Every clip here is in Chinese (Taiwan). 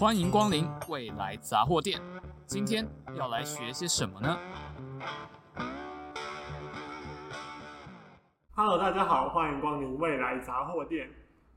歡迎光臨未來雜貨店。今天要來學些什麼呢？Hello，大家好，歡迎光臨未來雜貨店。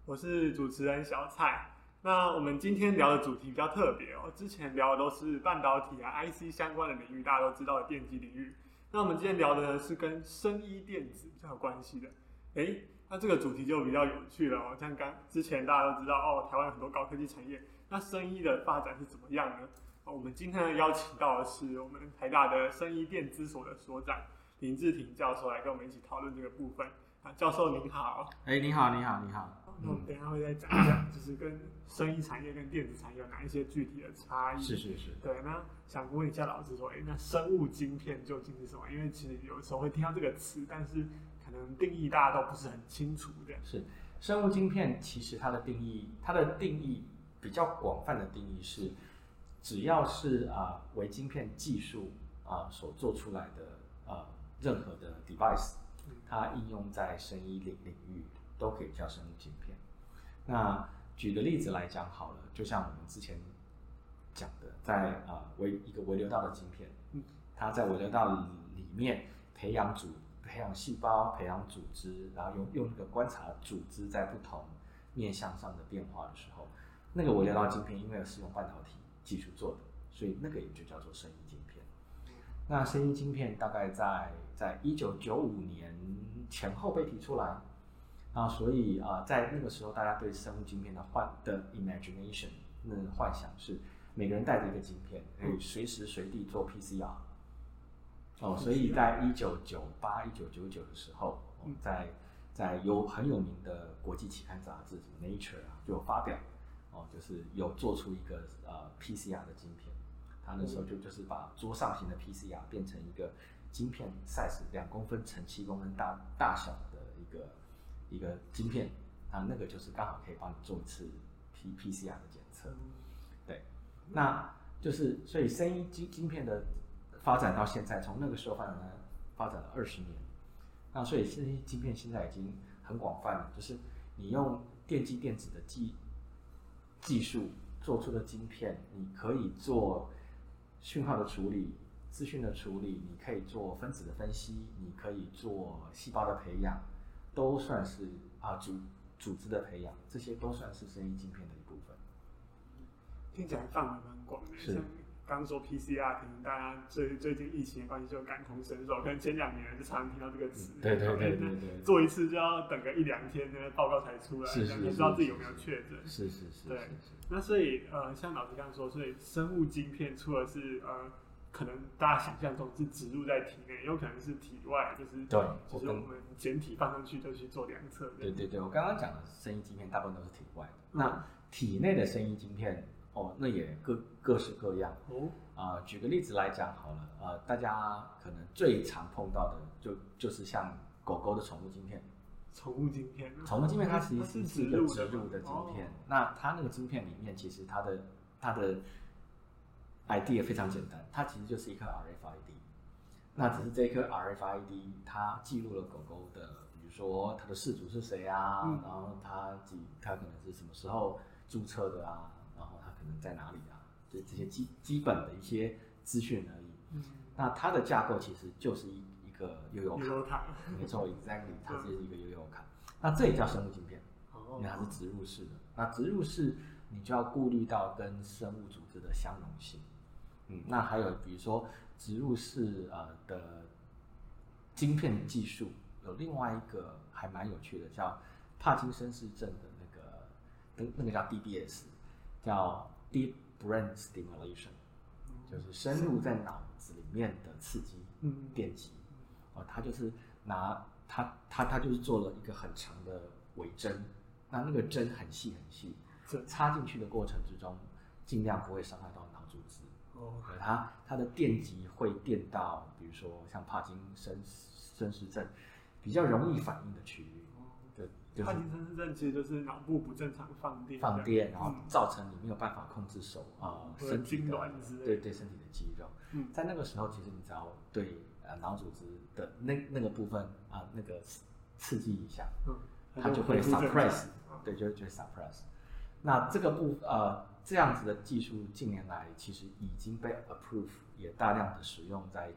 我是主持人小蔡。那我們今天聊的主題比較特別哦。之前聊的都是半導體啊、IC 相關的領域，大家都知道的電機領域。那我們今天聊的呢，是跟生醫電子比較有關係的。哎，那這個主題就比較有趣了哦。像剛之前大家都知道哦，台灣有很多高科技產業。那生醫的發展是怎麼樣呢、哦？我們今天邀請到的是我們台大的生醫電資所的所長林致廷教授來跟我們一起討論這個部分。啊，教授您好。哎、欸，你好，你好，你好。嗯、那我們等一下會再講一下，就是跟生醫產業跟電子產業有哪一些具體的差異？是是是。對，那想問一下老師說、欸，那生物晶片究竟是什麼？因為其實有時候會聽到這個詞，但是可能定義大家都不是很清楚的。是，生物晶片其實它的定義，它的定義。比較廣泛的定義是，只要是啊微晶片技術啊所做出來的啊任何的 device，它應用在生醫領領域都可以叫生物晶片。那舉個例子來講好了，就像我們之前講的，在啊微一個微流道的晶片，它在微流道裡面培養組培養細胞、培養組織，然後用用一個觀察組織在不同面向上的變化的時候。那個我聊到晶片，因為是用半導體技術做的，所以那個也就叫做生物晶片。那生物晶片大概在在一九九五年前後被提出來，啊，所以啊、呃，在那個時候，大家對生物晶片的幻的 imagination，嗯，幻想是每個人帶着一個晶片，可以隨時隨地做 PCR。做 PCR 哦，所以在一九九八一九九九的時候，我們、嗯、在在有很有名的國際期刊雜誌，什麼 Nature、啊、就發表。哦，就是有做出一個呃 PCR 的晶片，他那時候就就是把桌上型的 PCR 變成一個晶片，size 兩公分乘七公分大大小的一個一個晶片，啊，那個就是剛好可以幫你做一次 PPCR 的檢測。對，那就是所以生醫晶晶片的發展到現在，從那個時候發展呢，發展了二十年，那所以生醫晶片現在已經很廣泛了，就是你用電機電子的機。技術做出的晶片，你可以做訊號的處理、資訊的處理，你可以做分子的分析，你可以做細胞的培養，都算是啊組組織的培養，這些都算是生物晶片的一部分。聽起來範圍蠻廣。嗯、是。剛說 PCR，可能大家最最近疫情的關係就有感同身受，可能前兩年就常聽到這個詞。嗯、對對對對，對做一次就要等個一兩天，那個、報告才出來，是是是是兩天不知道自己有沒有確診。是，是是是。對，是是是是那所以呃，像老師剛剛說，所以生物晶片除了是呃，可能大家想象中是植入在體內，有可能是體外，就是對，就是我們檢體放上去就去做量測。跟對，對，對對對，我剛剛講的生物晶片大部分都是體外，嗯、那體內的生物晶片。嗯哦，那也各各式各樣哦。啊、呃，舉個例子來講好了，呃，大家可能最常碰到的就就是像狗狗的寵物晶片。寵物晶片？寵物晶片、哦、寵物晶片它其實是一個植入的晶片。哦、那它那個晶片裡面其實它的它的 idea 非常簡單，它其實就是一顆 RFID、嗯。那只是這一顆 RFID 它記錄了狗狗的，比如說它的飼主是誰啊，嗯、然後它幾它可能是什麼時候註冊的啊。可能在哪裡啊？就這些基基本的一些資訊而已。嗯，那它的架構其實就是一一個悠遊卡，悠沒錯，Exactly，它是一個悠遊卡。那這也叫生物晶片，哦、因為它是植入式的。哦、那植入式你就要顧慮到跟生物組織的相容性。嗯，那還有比如說植入式呃的晶片的技術，有另外一個還蠻有趣的，叫帕金森氏症的那個，那個叫 DBS。叫 deep brain stimulation，就是深入在腦子裡面的刺激電極，哦、嗯，它就是拿他他他就是做了一個很長的微針，那那個針很細很細，就插進去的過程之中盡量不會傷害到腦組織，哦，它它的電極會電到，比如說像帕金森、森氏症比較容易反應的區域。帕金森症其實就是腦部不正常放電，放電然後造成你沒有辦法控制手啊、呃、身體的對，對對身體的肌肉。嗯，在那個時候，其實你只要對呃腦組織的那那個部分啊、呃、那個刺激一下，嗯，它就會 suppress 對，就會 suppress。那這個部呃這樣子的技術近年來其實已經被 approve，也大量的使用在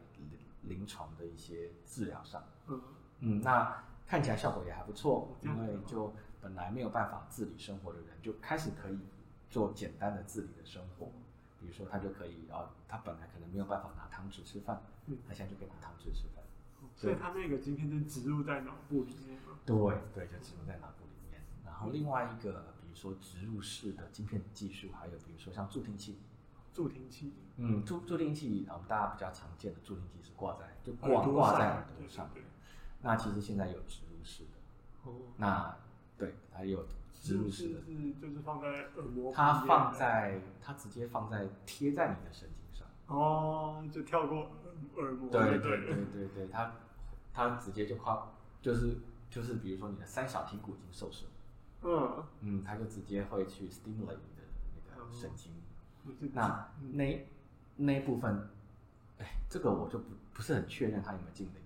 臨床的一些治療上。嗯嗯，那。看起來效果也還不錯，因為就本來沒有辦法自理生活的人，就開始可以做簡單的自理的生活。比如說，他就可以，然、啊、後他本來可能沒有辦法拿湯匙吃飯，嗯、他現在就可以拿湯匙吃飯。嗯、對所以，他那個晶片就植入在腦部裡面嗎？對，對，就植入在腦部裡面。然後另外一個，比如說植入式的晶片技術，還有比如說像助聽器，助聽器，嗯，助助聽器，然後我們大家比較常見的助聽器是掛在，就掛掛、啊、在耳朵上面。對對對對那其實現在有植入式的，哦、oh.，那對，它有植入式的是是是，就是放在耳膜，它放在它直接放在貼在你的神經上，哦，oh, 就跳過耳膜對，對對對對對，它它直接就靠，就是就是比如說你的三小聽骨已經受損，嗯、oh. 嗯，它就直接會去 stimulate 你的那個神經，oh. 那那那部分，哎、欸，這個我就不不是很確認它有沒有進的。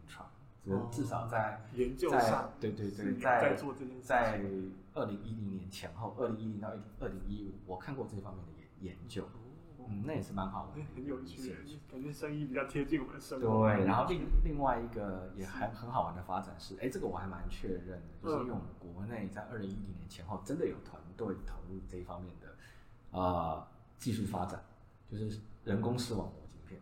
至少在、哦、研究上在，對對對，在做這件在二零一零年前後，二零一零到一，二零一五，我看過這方面的研研究，嗯，那也是蠻好玩的、嗯，很有意思的，感覺生醫比較貼近我們的生活。對，然後另另外一個也還是很好玩的發展是，哎，這個我還蠻確認的，就是因為我們國內在二零一零年前後真的有團隊投入這一方面的啊、呃、技術發展，就是人工視網膜晶片，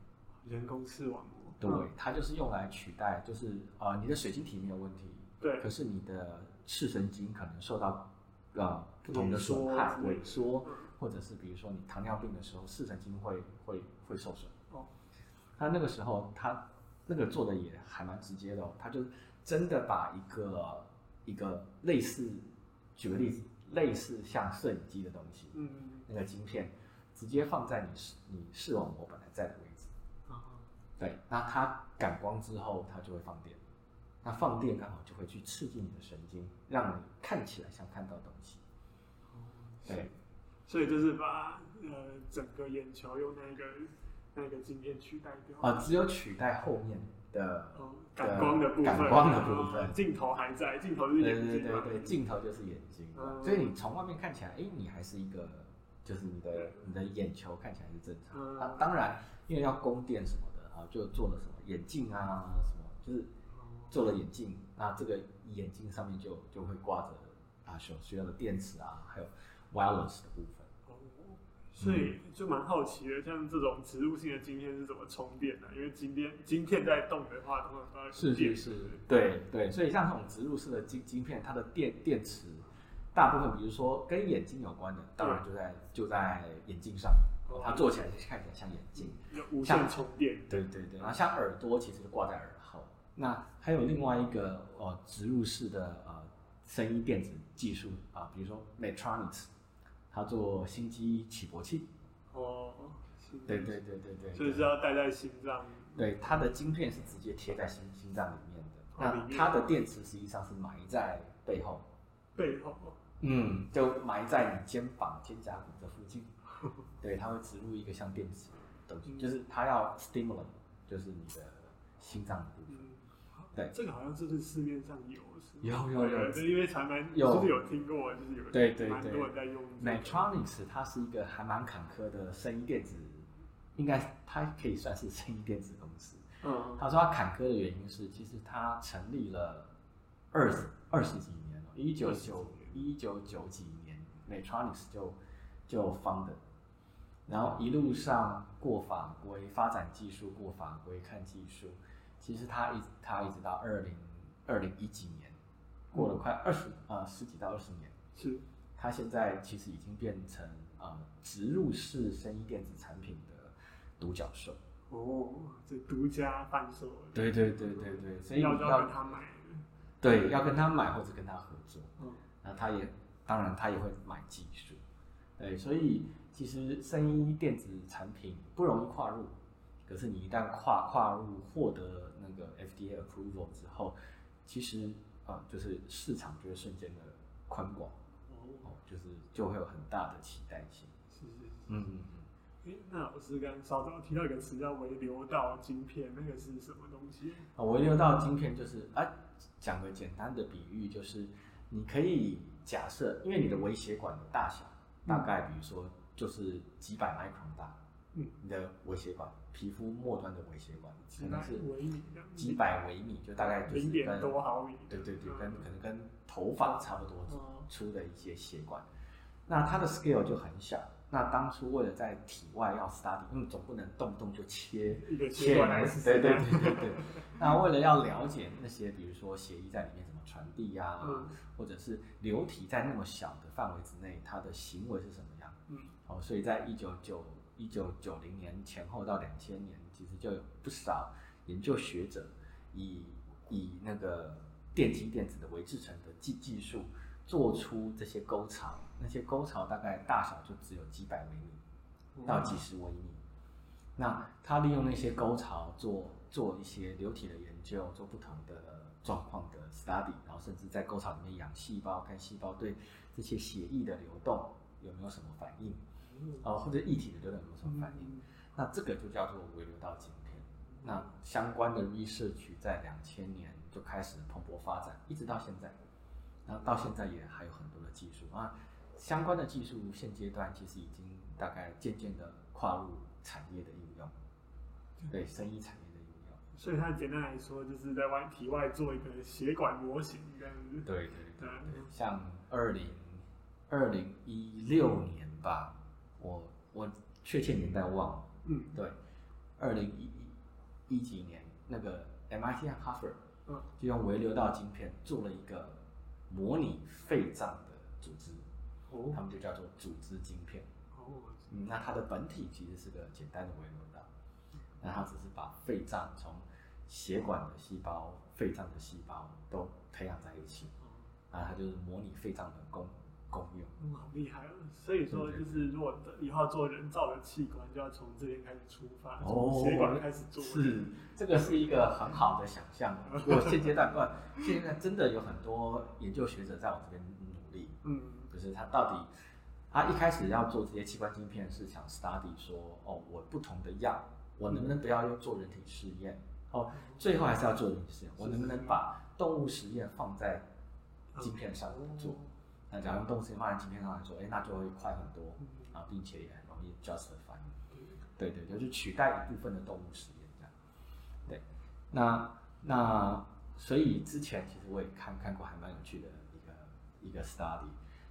人工視網膜。對，它就是用來取代，就是呃，你的水晶體沒有問題，對，可是你的視神經可能受到呃不同的損害、萎縮，或者是比如說你糖尿病的時候，視神經會會會受損。哦，他那個時候他那個做的也還蠻直接的哦，他就真的把一個一個類似，舉個例子，嗯，類似像攝影機的東西，嗯嗯，那個晶片直接放在你視你視網膜本來在的位置。對，那它感光之後，它就會放電，那放電剛好就會去刺激你的神經，讓你看起來像看到東西。哦、嗯，對所，所以就是把呃整個眼球用那個那個鏡片取代掉啊，只有取代後面的，對的感光的部分，感光的部分，鏡、啊、頭還在，鏡頭就是對、嗯、對對對，鏡頭就是眼睛，嗯、所以你從外面看起來，誒、欸，你還是一個、嗯、就是你的對你的眼球看起來是正常。那、嗯啊、當然，因為要供電什麼。就做了什麼眼鏡啊，什麼就是做了眼鏡，那這個眼鏡上面就就會掛着啊，所需要的電池啊，還有 wireless 的部分。哦，所以就蠻好奇的，嗯、像這種植入性的晶片是怎麼充電的、啊？因為晶片晶片在動的話，都會發要充電。是，是是，對對，對。所以像這種植入式的晶晶片，它的電電池大部分，比如說跟眼睛有關的，當然就在、嗯、就在眼鏡上。哦、它做起來是看起來像眼鏡，像充電，像對對對，嗯、然後像耳朵，其實是掛在耳後。那還有另外一個、嗯、呃，植入式的呃，生醫電子技術啊、呃，比如說 Medtronic 它做心肌起搏器。哦，對對對對對，就是要戴在心臟。對，嗯、對，它的晶片是直接貼在心心臟裡面的，嗯、那它的電池實際上是埋在背後。背後、哦？嗯，就埋在你肩膀肩胛骨的附近。對，它會植入一個像電子的，就是它要 stimulate，就是你的心臟的部分。對，這個好像就是市面上有有有有，因為才蠻有，就是有聽過，就是有對對對，蠻多人在用。Metronics 它是一個還蠻坎坷的生醫電子，應該它可以算是生醫電子公司。嗯，他說他坎坷的原因是，其實它成立了二二十幾年了，一九九一九九幾年，Metronics 就就 founded。然後一路上過法規，發展技術過法規，看技術，其實他一直他一直到二零二零一幾年，嗯、過了快二十啊十幾到二十年，是，他現在其實已經變成、呃、植入式生醫電子產品的獨角獸哦，這獨家販售，對對對對對，嗯、所以要，要跟他買，對，要跟他買、嗯、或者跟他合作，嗯，那他也當然他也會買技術，對，所以。其實，生醫電子產品不容易跨入，可是你一旦跨跨入獲得那個 FDA approval 之後，其實啊，就是市場就會瞬間的寬廣，哦、啊，就是就會有很大的期待性。是是是。嗯嗯嗯。誒，那老師剛剛稍早提到一個詞叫微流道晶片，那個是什麼東西？啊，微流道晶片就是，啊，講個簡單的比喻，就是你可以假設，因為你的微血管的大小，嗯、大概比如說。就是幾百 micron 大，嗯，你的微血管，皮膚末端的微血管可能是幾百微米，就大概就是跟多毫米，對對對，跟可能跟頭髮差不多粗的一些血管。那它的 scale 就很小。那當初為了在體外要 study，因為總不能動不動就切切，對對對對對。那為了要了解那些，比如說血液在裡面怎麼傳遞啊，或者是流體在那麼小的範圍之內，它的行為是什麼？哦，所以在一九九一九九零年前後到兩千年，其實就有不少研究學者以以那個電極電子的微製成的技技術，做出這些溝槽，那些溝槽大概大小就只有幾百微米到幾十微米。嗯、那他利用那些溝槽做做一些流體的研究，做不同的狀況的 study，然後甚至在溝槽裡面養細胞，看細胞對這些血液的流動有沒有什麼反應。哦，或者液體的流體有什麼反應？嗯、那這個就叫做微流道晶片。那相關的 research 在兩千年就開始蓬勃發展，一直到現在。然後到現在也還有很多的技術啊，相關的技術現階段其實已經大概漸漸的跨入產業的應用，對，生醫產業的應用。所以它簡單來說，就是在外體外做一個血管模型，對對對，嗯、對像二零二零一六年吧。嗯我我確切年代忘了。嗯，對，二零一一幾年，那個 MIT 和 Harvard，嗯，就用微流道晶片做了一個模擬肺臟的組織，哦，他們就叫做組織晶片，哦，嗯，那它的本體其實是個簡單的微流道，那它只是把肺臟從血管的細胞、肺臟的細胞都培養在一起，啊，它就是模擬肺臟的功能。功用，哇，厲害，所以說，就是如果以後做人造的器官，就要從這邊開始出發，從血管開始做。是，這個是一個很好的想象。我現階段現現在真的有很多研究學者在我這邊努力。嗯，就是他到底，他一開始要做這些器官晶片，是想 study 說，哦，我不同的藥，我能不能不要用做人體試驗？哦，最後還是要做人體試驗。我能不能把動物實驗放在晶片上做？那假如用動物實驗放在芯片上來說，哎、欸，那就會快很多、嗯、啊，並且也很容易 justify。對，對對，就是取代一部分的動物實驗這樣。對，那那所以之前其實我也看看過還蠻有趣的一個一個 study，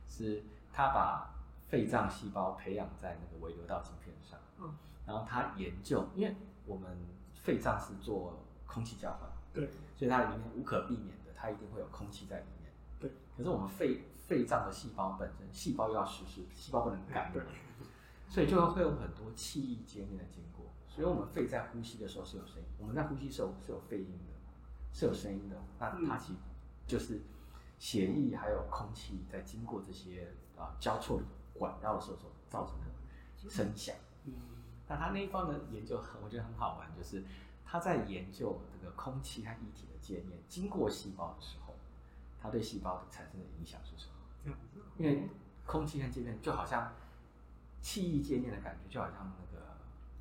是他把肺臟細胞培養在那個微流道芯片上，嗯，然後他研究，因為我們肺臟是做空氣交換，對、嗯，所以它裡面無可避免的，它一定會有空氣在裡面。對、嗯，可是我們肺。肺臟的細胞本身，細胞又要是濕，細胞不能乾的， 所以就會有很多氣液界面的經過。所以，我們肺在呼吸的時候是有聲音，我們在呼吸的時候是有肺音的，是有聲音的。那它其實就是血液還有空氣在經過這些啊交錯管道的時候所造成的聲響。嗯，那他那一方的研究很，我覺得很好玩，就是他在研究這個空氣和液體的界面經過細胞的時候，它對細胞產生的影響是什麼？因為空氣跟界面就好像氣液界面的感覺，就好像那個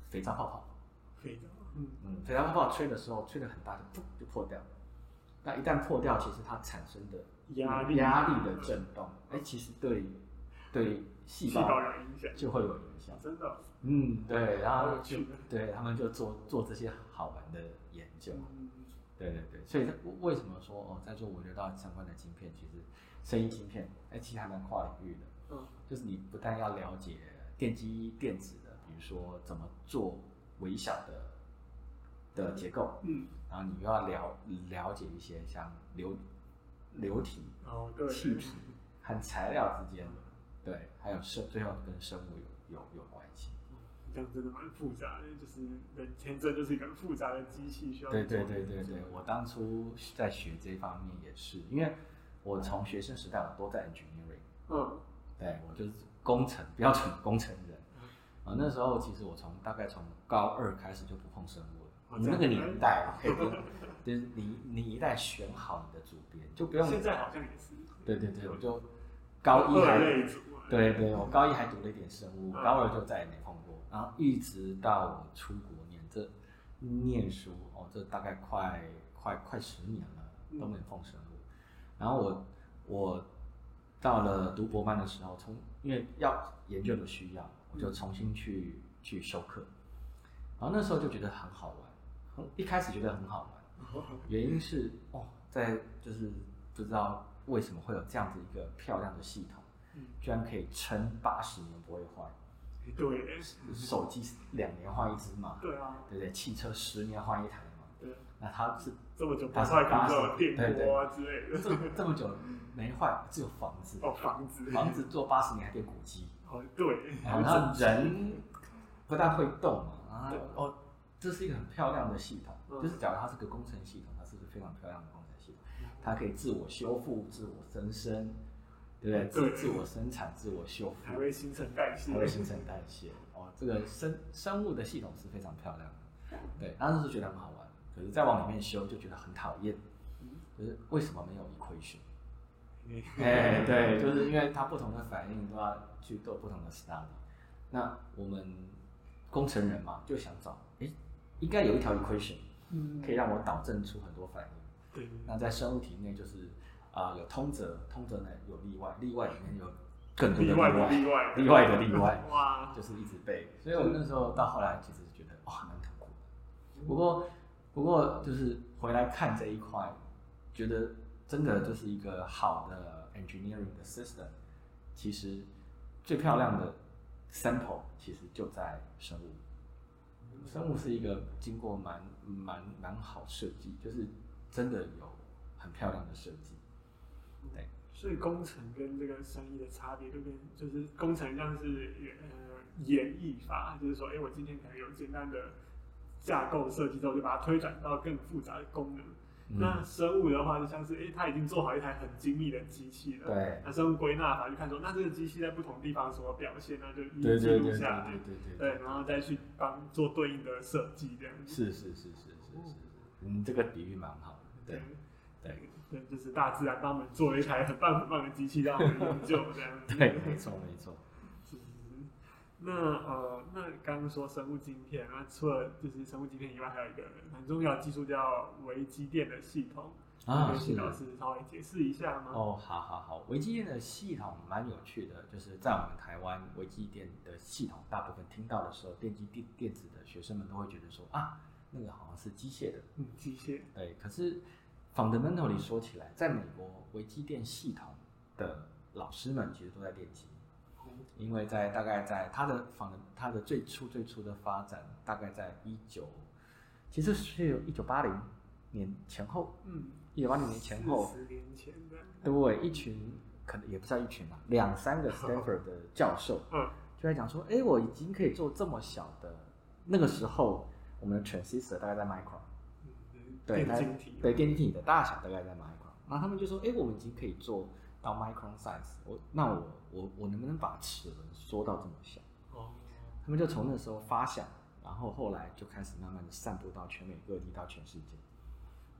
肥皂泡泡。肥皂。嗯。嗯，肥皂泡泡吹的時候，吹得很大，就噗就破掉。那一旦破掉，其實它產生的壓力、壓力的震動，哎對、欸，其實對對細胞影響就會有影響。真的。嗯，對，然後對他們就做做這些好玩的研究、嗯對對對，所以這為什麼說哦，在做微流道相關的晶片，其實生醫晶片哎、欸，其實還蠻跨領域的。嗯，就是你不但要了解電機電子的，比如說怎麼做微小的的結構，嗯，然後你又要了了解一些像流流體、哦、嗯，氣體和材料之間的，嗯、對，還有生最後跟生物有有有關。這樣真的蠻複雜的，就是人天生就是一個很複雜的機器，需要對對對對對。我當初在學這方面也是，因為我從學生時代我都在 engineering，嗯，對我就是工程，不要成工程人。嗯、啊，那時候其實我從大概從高二開始就不碰生物了。啊、那個年代、啊啊嘿嘿，就是你你一旦選好你的主編，就不用。現在好像也是。對對對，我就。高一還對，對對，嗯、我高一還讀了一點生物，嗯、高二就再也沒碰過，然後一直到我出國念這念書哦，這大概快快快十年了都沒碰生物，嗯、然後我我到了讀博班的時候，從因為要研究的需要，嗯、我就重新去去修課，然後那時候就覺得很好玩，很，一開始覺得很好玩，原因是哦，在就是不知道。為什麼會有這樣子一個漂亮的系統，居然可以撐八十年不會壞？對，手機兩年換一隻嘛，對啊，對不對？汽車十年換一台嘛，對。那它是這麼久不壞，各種電波之類的，這麼久沒壞，只有房子哦，房子房子做八十年還變古蹟，哦對，然後人不但會動嘛，啊哦，這是一個很漂亮的系統，就是假如它是個工程系統，它是不是非常漂亮的？它可以自我修復、自我增生,生，對不對？對自自我生產、自我修復，它會新陳代謝，它會新陳代謝。對哦，這個生生物的系統是非常漂亮的，對，當時是覺得很好玩，可是再往裡面修就覺得很討厭，可、就是為什麼沒有 equation？ 哎，對，就是因為它不同的反應都要去做不同的 study。那我們工程人嘛，就想找，誒，應該有一條 equation，可以讓我導正出很多反應。那在生物體內就是，啊、呃，有通則，通則呢有例外，例外裡面有更多的例外，例外的例外，例外例外哇，就是一直被。所以我們那時候到後來，其實覺得哇、哦，蠻痛苦的。不過，不過就是回來看這一塊，覺得真的就是一個好的 engineering 的 system，其實最漂亮的 sample，其實就在生物。生物是一個經過蠻蠻蠻，蠻好設計，就是。真的有很漂亮的設計，對。所以工程跟這個生醫的差別對不對？就是，工程像是呃演呃演繹法，就是說，哎、欸，我今天可能有簡單的架構設計之後，就把它推展到更複雜的功能。嗯、那生物的話就像是，哎、欸，他已經做好一台很精密的機器了，對，那生物歸納法就看出，那這個機器在不同地方什麼表現呢，那就記錄下來，對對對對,對然後再去幫做對應的設計這樣子。是是是是是是，哦、嗯，這個比喻蠻好的。對，對，那就是大自然幫我們做了一台很棒很棒的機器，讓我們研究這樣。對，沒錯沒錯。就是、那呃，那剛剛說生物晶片，那、啊、除了就是生物晶片以外，還有一個很重要技術叫微機電的系統。啊，謝老師稍微的解釋一下嗎？哦，好好好，微機電的系統蠻有趣的，就是在我們台灣微機電的系統，大部分聽到的時候，電機電電子的學生們都會覺得說啊。那個好像是機械的，嗯，機械。對，可是 fundamentally 說起來，在美國微機電系統的老師們其實都在電機，嗯、因為在大概在他的仿的他的最初最初的發展，大概在一九，其實是一九八零年前後，嗯，一九八零年前後，十、嗯、年前的，對，一群可能也不算一群嘛、啊，兩三個 Stanford、er、的教授，嗯，就來講說，哎，我已經可以做這麼小的，那個時候。我們的 transistor 大概在 micron、嗯嗯、對，對，電晶體的大小大概在 micron，那他們就說，哎、欸，我們已經可以做到 micron size，我，那我，我，我能不能把齒輪縮到這麼小？哦、嗯，他們就從那時候發想，嗯、然後後來就開始慢慢的散布到全美各地到全世界。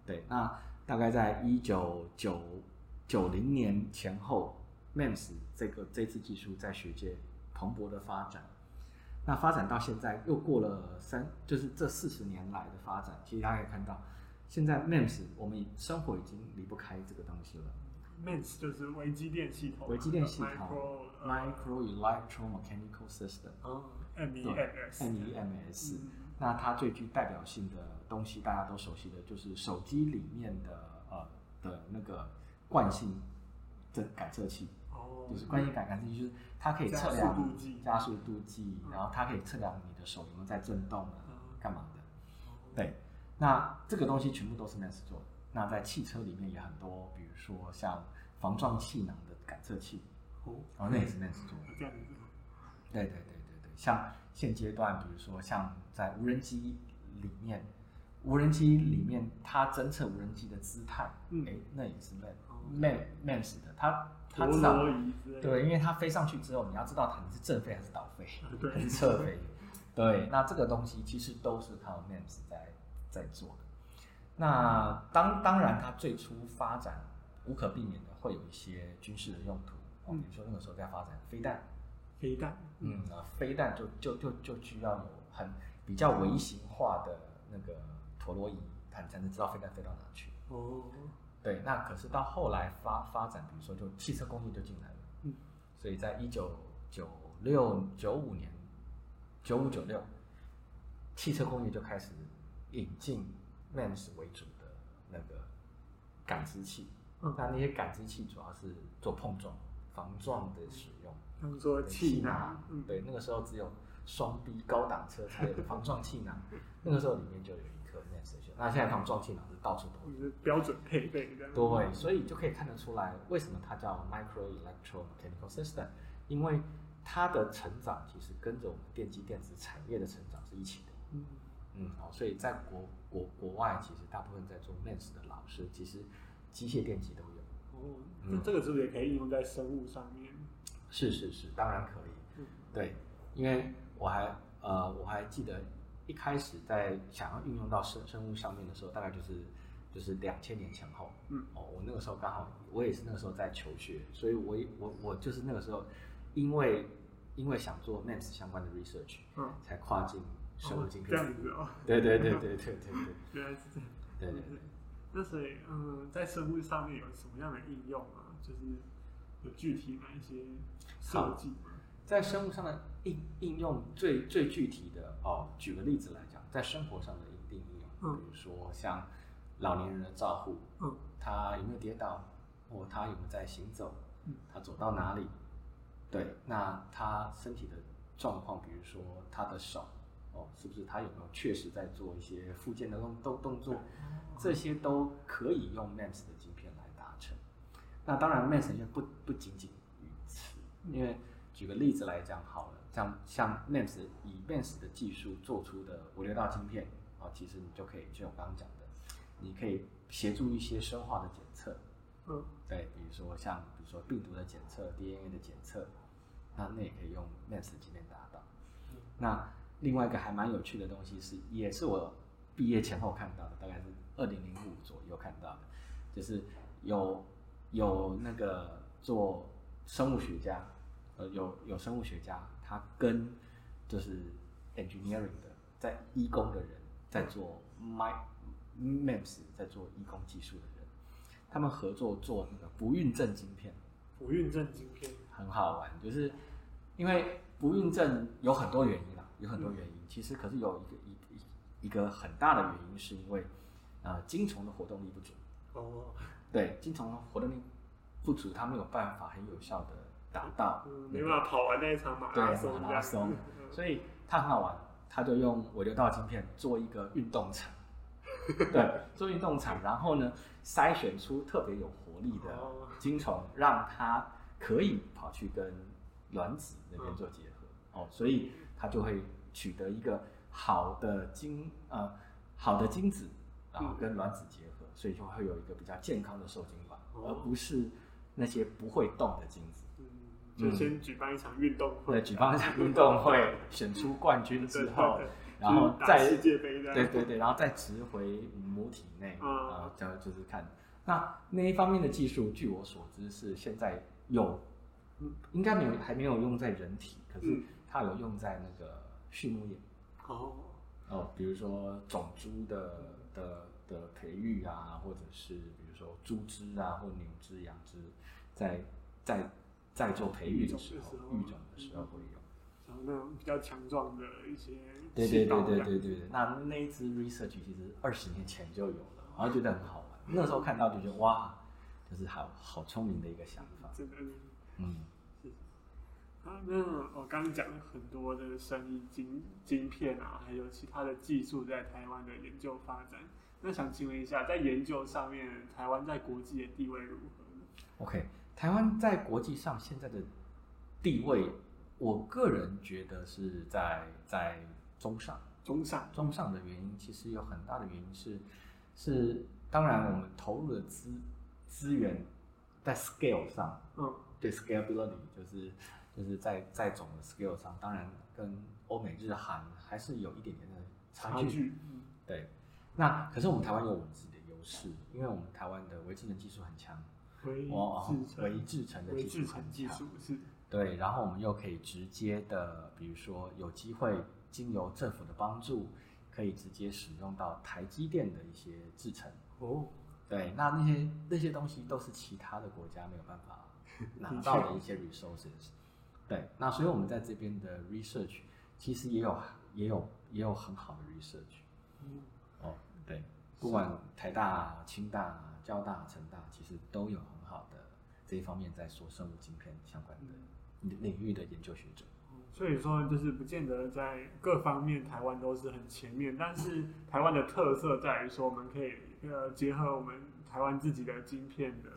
對，那大概在一九九九零年前後，MEMS 這個這次技術在學界蓬勃的發展。那發展到現在，又過了三，就是這四十年來的發展，其實大家可以看到，現在 MEMS 我們生活已經離不開這個東西了。MEMS 就是微機電系統，微機電系統 micro electro mechanical system，哦 MEMS MEMS 那它最具代表性的東西，大家都熟悉的，就是手機裡面的呃的那個慣性這感測器。就是關於感感就是它可以測量加速度計，然後它可以測量你的手有沒有在震動啊，幹嘛的？對，那這個東西全部都是 m a n 做的。那在汽車裡面也很多，比如說像防撞氣囊的感測器，哦，那也是 m a n 做的。對對對對對，像現階段，比如說像在無人機裡面，無人機裡面它偵測無人機的姿態，那那也是 m a n m a 的，它。它知道，對，因為它飛上去之後，你要知道它是正飛還是倒飛，還是側飛，對， 那這個東西其實都是靠 MEMS 在在做的。那當當然，它最初發展無可避免的會有一些軍事的用途，比如說那個時候在發展飛彈，飛彈，嗯，飛彈就就就就需要有很比較微型化的那個陀螺儀，它才能知道飛彈飛到哪去。哦。對，那可是到後來發發展，比如說就汽車工業就進來了，嗯，所以在一九九六九五年，九五九六，汽車工業就開始引進 MEMS 為主的那個感知器，嗯，它那，那些感知器主要是做碰撞防撞的使用，做氣囊，對，那個時候只有雙 B 高檔車才有的防撞氣囊， 那個時候裡面就有。那現在他們裝電腦是到處都是標準配備，對，所以就可以看得出來，為什麼它叫 microelectromechanical system，因為它的成長其實跟着我們電機電子產業的成長是一起的。嗯嗯，好、嗯，所以在國國國外，其實大部分在做 MEMS 的老師，其實機械電機都有。嗯、哦，那這個是不是也可以應用在生物上面？是是是，當然可以。嗯，對，因為我還呃我還記得。一開始在想要運用到生生物上面的時候，大概就是就是兩千年前後，嗯，哦，我那個時候剛好，我也是那個時候在求學，所以我我我就是那個時候，因為因為想做 MEMS 相關的 research，嗯，才跨進生物領域。嗯，哦，這樣子哦，對對對對對對對，原來 是這樣，對對對，那所以嗯，在生物上面有什麼樣的應用啊？就是有具體的一些設計。在生物上的應應用最最具體的哦，舉個例子來講，在生活上的一定應用，嗯、比如說像老年人的照護，嗯，他有沒有跌倒，或、哦、他有沒有在行走，嗯，他走到哪裡，嗯、對，那他身體的狀況，比如說他的手，哦，是不是他有沒有確實在做一些復健的動動動作，嗯嗯、這些都可以用 MEMS 的晶片來達成。那當然，MEMS 就不不僅僅於此，嗯、因為。舉個例子來講好了，像像 MEMS 以 MEMS 的技術做出的五六道米芯片，啊，其實你就可以就我剛剛講的，你可以協助一些生化的檢測，嗯，對，比如說像比如說病毒的檢測、DNA 的檢測，那那也可以用 MEMS 芯片達到。嗯，那另外一個還蠻有趣的東西是，也是我畢業前後看到的，大概是二零零五左右看到的，就是有有那個做生物學家。呃，有有生物學家，他跟就是 engineering 的在醫工的人，在做 MEMS，在做醫工技術的人，他們合作做那個不孕症晶片。不孕症晶片很好玩，就是因為不孕症有很多原因啦，有很多原因。嗯、其實可是有一個一一個很大的原因，是因為呃，精蟲的活動力不足。哦，對，精蟲的活動力不足，它沒有辦法很有效的。到沒辦法跑完那一場馬拉松對馬拉松，所以他很好玩，他就用微流道晶片做一個運動場， 對，做運動場，然後呢，篩選出特別有活力的精蟲，哦、讓它可以跑去跟卵子那邊做結合，嗯、哦，所以他就會取得一個好的精，呃，好的精子，然後跟卵子結合，嗯、所以就會有一個比較健康的受精卵，哦、而不是那些不會動的精子。就先舉辦一場運動會，嗯、對，舉辦一場運動會，對選出冠軍之後，對對對，然後再世界杯對對對，然後再植回母體內，嗯、然後就是看那那一方面的技術，據我所知是現在有，應該沒有還沒有用在人體，可是它有用在那個畜牧業哦哦，嗯、比如說種豬的、嗯、的的培育啊，或者是比如說豬隻啊或牛隻羊隻，在在。在做培育的時候，育種，時候育種的時候會有，然、啊、那種比較強壯的一些，對對對對對對。那那一支 research 其實二十年前就有了，然後、嗯啊、覺得很好玩。那時候看到就覺得哇，就是好好聰明的一個想法。嗯、真的嗯。是啊、那我剛剛講了很多這個生醫晶晶片啊，還有其他的技術在台灣的研究發展。那想請問一下，在研究上面，台灣在國際的地位如何呢？o、okay. k 台灣在國際上現在的地位，我個人覺得是在在中上。中上中上的原因，其實有很大的原因是是，當然我們投入的資資源在 scale 上，嗯，對 scalability，就是就是在在總的 scale 上，當然跟歐美日韓還是有一點點的差距。對。那可是我們台灣有我們自己的優勢，因為我們台灣的微機電技術很強。微制成，微制成的技術很強對，然後我們又可以直接的，比如說有機會經由政府的幫助，可以直接使用到台積電的一些制成哦，對，那那些那些東西都是其他的國家沒有辦法拿到的一些 resources，、嗯、對，那所以我們在這邊的 research、嗯、其實也有也有也有很好的 research，嗯，哦，對，是不管台大、啊、清大、啊。交大、成大其實都有很好的這一方面，在做生物晶片相關的領域的研究學者。嗯、所以說，就是不見得在各方面台灣都是很前面，但是台灣的特色在於說，我們可以呃結合我們台灣自己的晶片的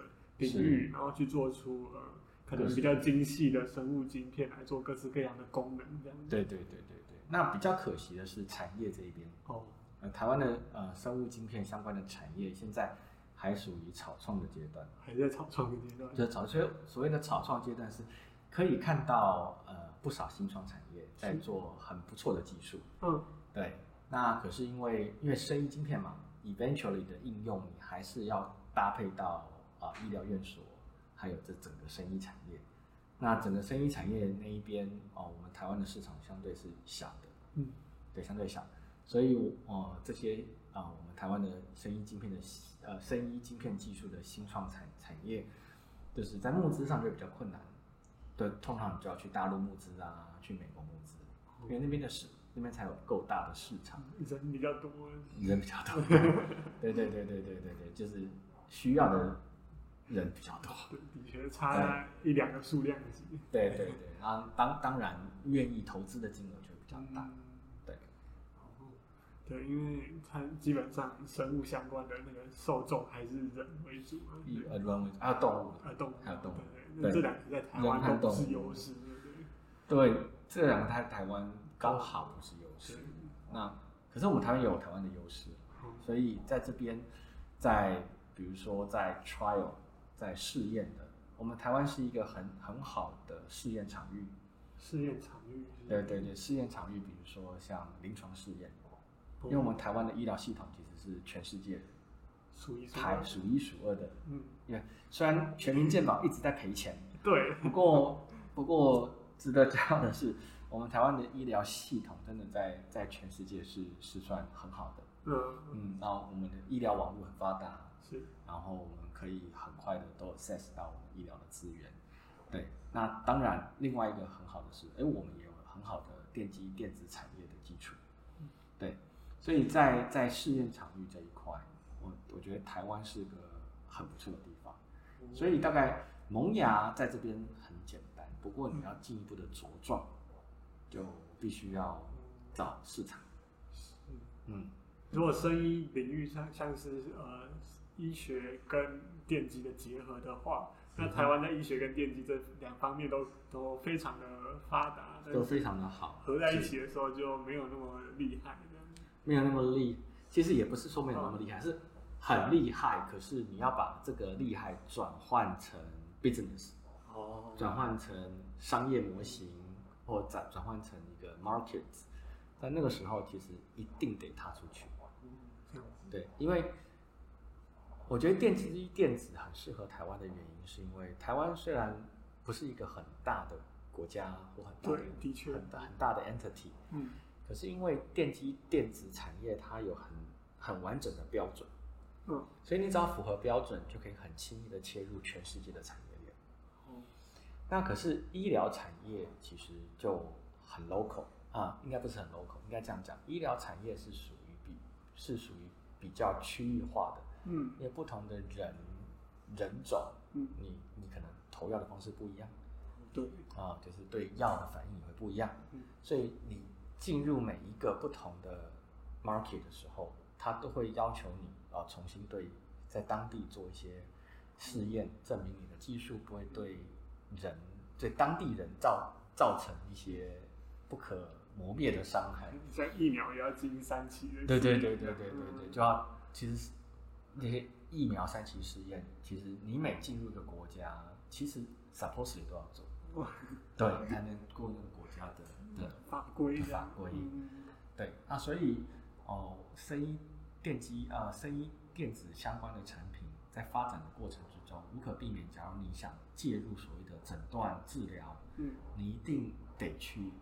領域，是然後去做出呃可能比較精細的生物晶片來做各式各樣的功能這樣。對對對對對。那比較可惜的是產業這一邊哦，呃，台灣的呃生物晶片相關的產業現在。還屬於草創的階段，還在草創的階段，就草，所以所謂的草創階段是，可以看到呃不少新創產業在做很不錯的技術，嗯，對。那可是因為因為生醫晶片嘛，eventually 的應用你還是要搭配到啊、呃、醫療院所，還有這整個生醫產業。那整個生醫產業那一邊哦、呃，我們台灣的市場相對是小的，嗯，對，相對小，所以哦、呃、這些啊、呃、我們台灣的生醫晶片的。呃，生醫晶片技術的新創產產業，就是在募資上就比較困難，對，通常你就要去大陸募資啊，去美國募資，因為那邊的市，那邊才有夠大的市場，人比較多，人比較多，對對對對對對對，就是需要的人比較多，的確、嗯、差一兩個數量級，對對對，然後當當然願意投資的金額就會比較大。嗯對，因為它基本上生物相關的那個受眾還是人為主，人為主啊，動物啊，動物還有動物，還有動物啊、對，對，對這兩個在台灣都不是優勢。對，對，這兩個在台灣剛好不是優勢。對那可是我們台灣也有台灣的優勢，嗯、所以在這邊在，在比如說在 trial 在試驗的，我們台灣是一個很很好的試驗場域。試驗場域是是，對對對，試驗場域，比如說像臨床試驗。因為我們台灣的醫療系統其實是全世界數一排數一數二的，嗯，也雖然全民健保一直在賠錢，對，不過不過值得驕傲的是，我們台灣的醫療系統真的在在全世界是是算很好的，嗯嗯，然後我們的醫療網絡很發達，是，然後我們可以很快的都 access 到我們醫療的資源，對，那當然另外一個很好的是，哎，我們也有很好的電機電子產業的基礎，對。所以在在試驗場域這一塊，我我覺得台灣是個很不錯的地方。所以大概萌芽在這邊很簡單，不過你要進一步的茁壯，就必須要找市場。是嗯，如果生醫領域像像是呃醫學跟電機的結合的話，嗎那台灣的醫學跟電機這兩方面都都非常的發達，都非常的好，合在一起的時候就沒有那麼厲害。沒有那麼厲，其實也不是說沒有那麼厲害，是很厲害。可是你要把這個厲害轉換成 business，哦，轉換成商業模型，或轉轉換成一個 market，在那個時候其實一定得踏出去。對，因為我覺得電機電子很適合台灣的原因，是因為台灣雖然不是一個很大的國家或很大的，的確很大很大的 entity，嗯。可是因為電機電子產業它有很很完整的標準，嗯，所以你只要符合標準，就可以很輕易的切入全世界的產業鏈。嗯，那可是醫療產業其實就很 local 啊，應該不是很 local，應該這樣講，醫療產業是屬於比是屬於比較區域化的，嗯，因為不同的人人種，嗯，你你可能投藥的方式不一樣，對，啊，就是對藥的反應也會不一樣，嗯，所以你。進入每一個不同的 market 的時候，他都會要求你，啊，重新對在當地做一些試驗，證明你的技術不會對人、對當地人造造成一些不可磨滅的傷害。像疫苗也要進三期的試驗。對對對對對對對，就要其實那些疫苗三期試驗，其實你每進入一個國家，其實 supposedly 都要做。哇對，才、嗯、能夠那國家的的法規法規。嗯、對，那所以哦，聲、呃、音電機呃，聲音電子相關的產品在發展的過程之中，無可避免。假如你想介入所謂的診斷治療，嗯，你一定得去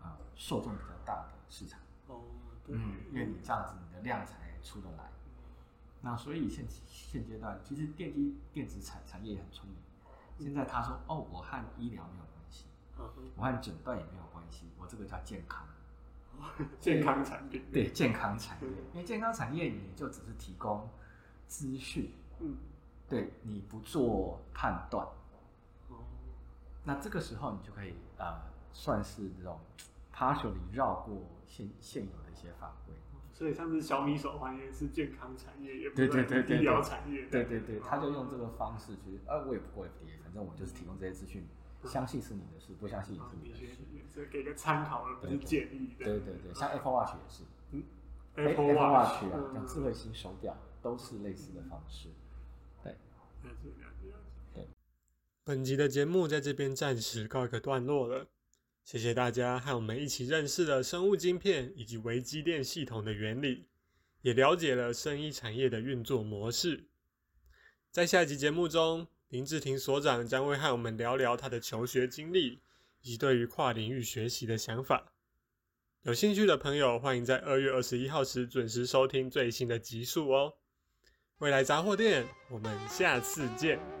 啊、呃，受眾比較大的市場哦，對、嗯，因為你這樣子你的量才出得來。嗯、那所以現現階段，其實電機電子產產業也很聰明。嗯現在他說：“哦，我和醫療沒有關係，我和診斷也沒有關係，我這個叫健康， 健康產業，對，健康產業，因為健康產業你就只是提供資訊，嗯，對，你不做判斷，哦，那這個時候你就可以呃算是這種 partially 繞過現現有的一些法規。”所以像是小米手環也是健康產業，也不對醫療產業，對對對，他就用這個方式去，呃，我也不過 FDA，反正我就是提供這些資訊，相信是你的事，不相信也是你的事，所以給個參考，不是建議，對對對，像 Apple Watch 也是，嗯，Apple Watch 啊，像智慧型手錶都是類似的方式，對。本集的節目在這邊暫時告一個段落了。謝謝大家和我們一起認識了生物晶片以及微機電系統的原理，也了解了生醫產業的運作模式。在下集節目中，林致廷所長將會和我們聊聊他的求學經歷以及對於跨領域學習的想法。有興趣的朋友，歡迎在二月二十一號時準時收聽最新的集數哦。未來雜貨店，我們下次見。